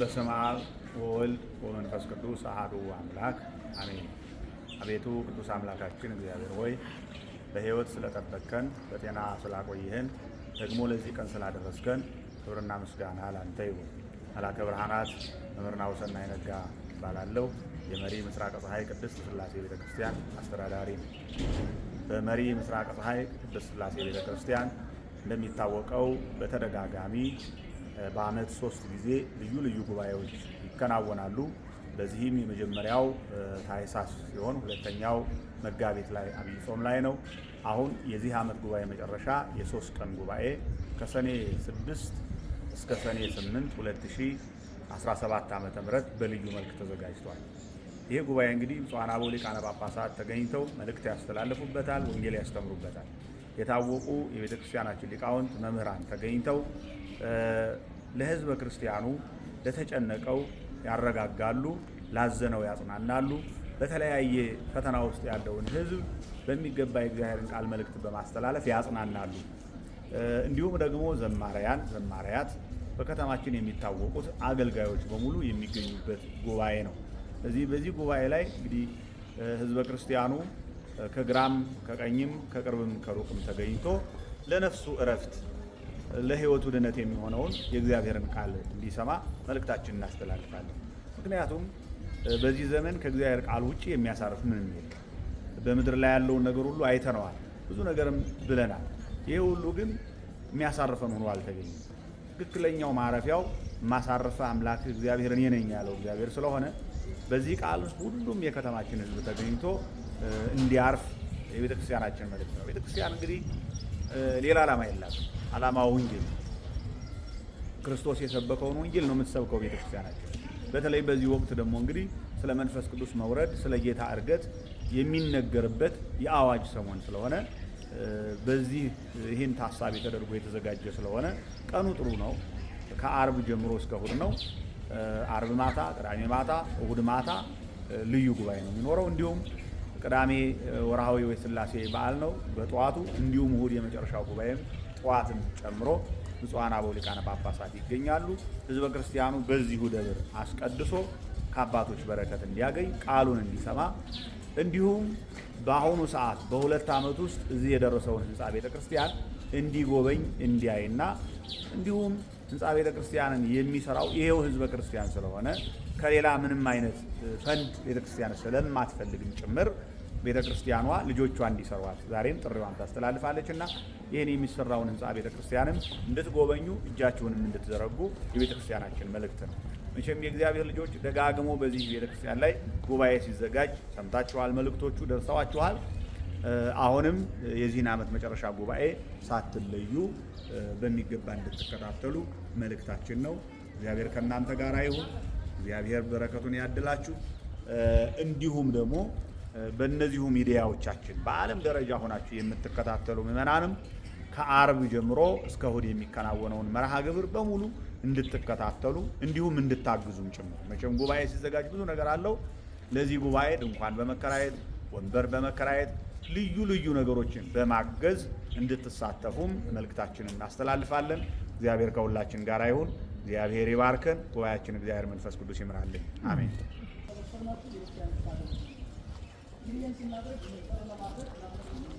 በስመ አብ ወወልድ ወመንፈስ ቅዱስ አሐዱ አምላክ አሜን። አቤቱ ቅዱስ አምላካችን እግዚአብሔር ሆይ በሕይወት ስለጠበቅከን በጤና ስላቆይህን ደግሞ ለዚህ ቀን ስላደረስከን ክብርና ምስጋና ላንተ ይሁን። መላከ ብርሃናት መምህርና ውሰና ይነጋ እባላለሁ። የመሪ ምስራቅ ፀሐይ ቅድስት ስላሴ ቤተ ክርስቲያን አስተዳዳሪ ነው። በመሪ ምስራቅ ፀሐይ ቅድስት ስላሴ ቤተ ክርስቲያን እንደሚታወቀው በተደጋጋሚ በአመት ሶስት ጊዜ ልዩ ልዩ ጉባኤዎች ይከናወናሉ። በዚህም የመጀመሪያው ታይሳስ ሲሆን ሁለተኛው መጋቢት ላይ አብይ ጾም ላይ ነው። አሁን የዚህ አመት ጉባኤ መጨረሻ የሶስት ቀን ጉባኤ ከሰኔ 6 እስከ ሰኔ 8 2017 ዓ.ም በልዩ መልክ ተዘጋጅቷል። ይህ ጉባኤ እንግዲህ ብፁዓን አበው ሊቃነ ጳጳሳት ተገኝተው መልእክት ያስተላልፉበታል፣ ወንጌል ያስተምሩበታል። የታወቁ የቤተ ክርስቲያናችን ሊቃውንት መምህራን ተገኝተው ለህዝበ ክርስቲያኑ ለተጨነቀው ያረጋጋሉ፣ ላዘነው ያጽናናሉ። በተለያየ ፈተና ውስጥ ያለውን ህዝብ በሚገባ የእግዚአብሔርን ቃል መልእክት በማስተላለፍ ያጽናናሉ። እንዲሁም ደግሞ ዘማሪያን፣ ዘማሪያት በከተማችን የሚታወቁት አገልጋዮች በሙሉ የሚገኙበት ጉባኤ ነው። እዚህ በዚህ ጉባኤ ላይ እንግዲህ ህዝበ ክርስቲያኑ ከግራም ከቀኝም ከቅርብም ከሩቅም ተገኝቶ ለነፍሱ እረፍት ለህይወቱ ድነት የሚሆነውን የእግዚአብሔርን ቃል እንዲሰማ መልእክታችን እናስተላልፋለን። ምክንያቱም በዚህ ዘመን ከእግዚአብሔር ቃል ውጭ የሚያሳርፍ ምንም የለም። በምድር ላይ ያለውን ነገር ሁሉ አይተነዋል፣ ብዙ ነገርም ብለናል። ይህ ሁሉ ግን የሚያሳርፈን ሆኖ አልተገኘም። ትክክለኛው ማረፊያው ማሳረፈ አምላክ እግዚአብሔር እኔ ነኝ ያለው እግዚአብሔር ስለሆነ በዚህ ቃል ሁሉም የከተማችን ህዝብ ተገኝቶ እንዲያርፍ የቤተክርስቲያናችን መልእክት ነው። ቤተክርስቲያን እንግዲህ ሌላ ዓላማ የላትም። አላማ ወንጌል ነው። ክርስቶስ የሰበከውን ወንጌል ነው የምትሰብከው ቤተክርስቲያናቸው። በተለይ በዚህ ወቅት ደግሞ እንግዲህ ስለ መንፈስ ቅዱስ መውረድ፣ ስለ ጌታ እርገት የሚነገርበት የአዋጅ ሰሞን ስለሆነ በዚህ ይህን ታሳቢ ተደርጎ የተዘጋጀ ስለሆነ ቀኑ ጥሩ ነው። ከአርብ ጀምሮ እስከ እሁድ ነው። አርብ ማታ፣ ቅዳሜ ማታ፣ እሁድ ማታ ልዩ ጉባኤ ነው የሚኖረው እንዲሁም ቅዳሜ ወርሃዊ ስላሴ በዓል ነው በጠዋቱ እንዲሁም እሁድ የመጨረሻው ጉባኤም ጠዋትን ጨምሮ ብፁዓን አበው ሊቃነ ጳጳሳት ይገኛሉ። ህዝበ ክርስቲያኑ በዚሁ ደብር አስቀድሶ ከአባቶች በረከት እንዲያገኝ ቃሉን እንዲሰማ እንዲሁም በአሁኑ ሰዓት በሁለት ዓመት ውስጥ እዚህ የደረሰውን ህንፃ ቤተ ክርስቲያን እንዲጎበኝ እንዲያይና እንዲሁም ህንፃ ቤተ ክርስቲያንን የሚሰራው ይሄው ህዝበ ክርስቲያን ስለሆነ ከሌላ ምንም አይነት ፈንድ ቤተ ክርስቲያን ስለማትፈልግም ጭምር ቤተ ክርስቲያኗ ልጆቿ እንዲሰሯት ዛሬም ጥሪዋን ታስተላልፋለች እና ይህን የሚሰራውን ህንፃ ቤተ ክርስቲያንም እንድትጎበኙ እጃችሁንም እንድትዘረጉ የቤተ ክርስቲያናችን መልእክት ነው። መቼም የእግዚአብሔር ልጆች ደጋግሞ በዚህ ቤተ ክርስቲያን ላይ ጉባኤ ሲዘጋጅ ሰምታችኋል፣ መልእክቶቹ ደርሰዋችኋል። አሁንም የዚህን ዓመት መጨረሻ ጉባኤ ሳትለዩ በሚገባ እንድትከታተሉ መልእክታችን ነው። እግዚአብሔር ከእናንተ ጋር ይሁን። እግዚአብሔር በረከቱን ያድላችሁ። እንዲሁም ደግሞ በእነዚሁ ሚዲያዎቻችን በዓለም ደረጃ ሆናችሁ የምትከታተሉ ምዕመናንም ከአርብ ጀምሮ እስከ እሁድ የሚከናወነውን መርሃ ግብር በሙሉ እንድትከታተሉ እንዲሁም እንድታግዙም ጭምር። መቼም ጉባኤ ሲዘጋጅ ብዙ ነገር አለው። ለዚህ ጉባኤ ድንኳን በመከራየት ወንበር በመከራየት ልዩ ልዩ ነገሮችን በማገዝ እንድትሳተፉም መልእክታችንን እናስተላልፋለን። እግዚአብሔር ከሁላችን ጋር ይሁን። እግዚአብሔር ይባርከን። ጉባኤያችን እግዚአብሔር መንፈስ ቅዱስ ይምራልን። አሜን።